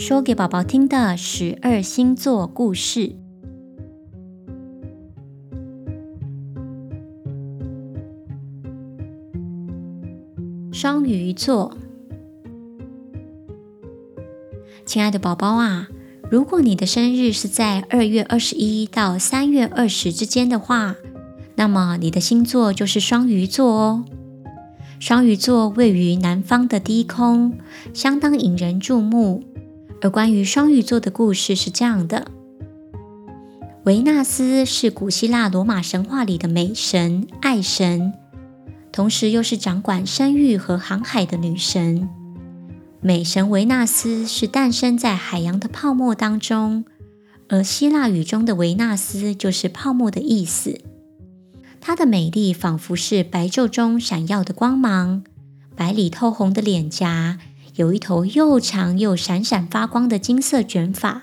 說給寶寶聽的十二星座故事：雙魚座。親愛的寶寶啊，如果你的生日是在二月二十一到三月二十之間的話，那麼你的星座就是雙魚座哦。雙魚座位於南方的低空，相當引人注目。而關於雙魚座的故事是這樣的：維納斯是古希臘羅馬神話裡的美神、愛神，同時又是掌管生育和航海的女神。美神維納斯是誕生在海洋的泡沫當中，而希臘語中的“維納斯”就是“泡沫”的意思。她的美麗仿佛是白晝中閃耀的光芒，白裡透紅的臉頰。有一頭又長又閃閃發光的金色卷髮，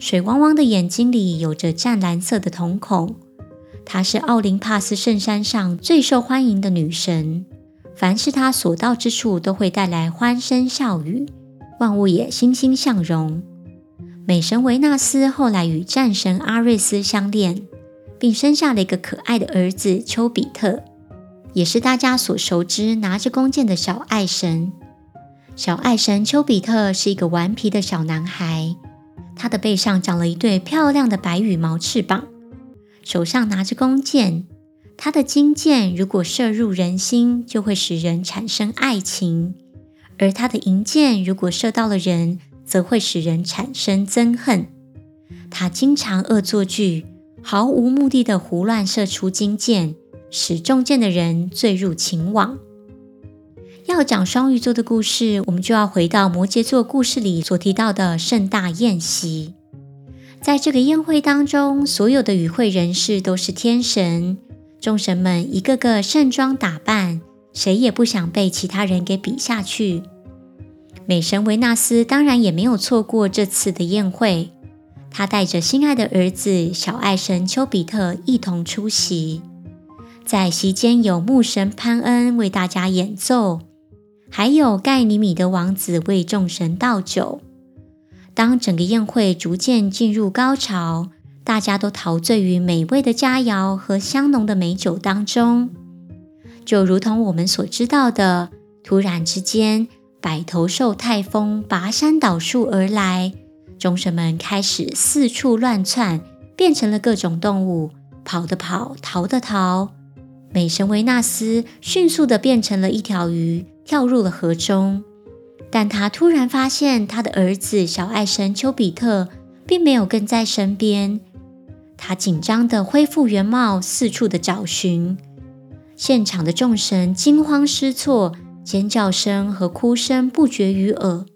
水汪汪的眼睛裡有着湛藍色的瞳孔。她是奧林帕斯聖山上最受歡迎的女神，凡是她所到之處，都會帶來歡聲笑語，萬物也欣欣向榮。美神維納斯後來與戰神阿瑞斯相戀，並生下了一個可愛的兒子丘比特，也是大家所熟知拿着弓箭的小愛神。小愛神丘比特是一個頑皮的小男孩，他的背上長了一對漂亮的白羽毛翅膀，手上拿着弓箭。他的金箭如果射入人心，就會使人產生愛情；而他的銀箭如果射到了人，則會使人產生憎恨。他經常惡作劇，毫無目的的胡亂射出金箭，使中箭的人墜入情網。要講雙魚座的故事，我們就要回到摩羯座故事裡所提到的盛大宴席。在這個宴會當中，所有的與會人士都是天神，眾神們一個個盛裝打扮，誰也不想被其他人給比下去。美神維納斯當然也沒有錯過這次的宴會，他帶着心愛的兒子小愛神丘比特一同出席。在席間，有牧神潘恩為大家演奏。還有蓋尼米德王子為眾神倒酒。當整個宴會逐漸進入高潮，大家都陶醉於美味的佳餚和香濃的美酒當中，就如同我們所知道的，突然之間，百頭獸泰封拔山倒樹而來，眾神們開始四處亂竄，變成了各種動物，跑的跑，逃的逃。美神維納斯迅速地變成了一條魚。跳入了河中，但他突然發現他的兒子小愛神丘比特並沒有跟在身邊。他緊張地恢復原貌，四處的找尋。現場的眾神驚慌失措，尖叫聲和哭聲不絕於耳。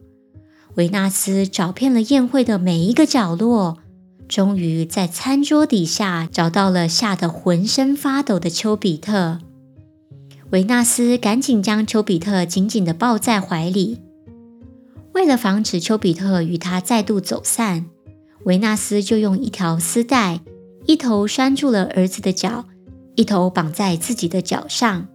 維納斯找遍了宴會的每一個角落，終於在餐桌底下找到了嚇得渾身發抖的丘比特。維納斯趕緊將丘比特緊緊地抱在懷裡，為了防止丘比特與他再度走散，維納斯就用一條絲帶，一頭拴住了兒子的腳，一頭綁在自己的腳上。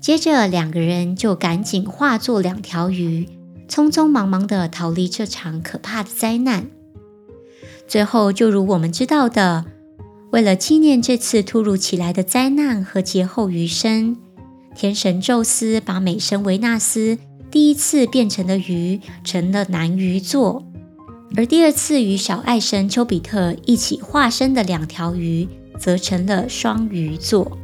接着，兩個人就趕緊化作兩條魚，匆匆忙忙地逃離這場可怕的災難。最後，就如我們知道的，為了紀念這次突如其來的災難和劫後餘生。天神宙斯把美神維納斯第一次變成的魚，成了南魚座；而第二次與小愛神丘比特一起化身的兩條魚，則成了雙魚座。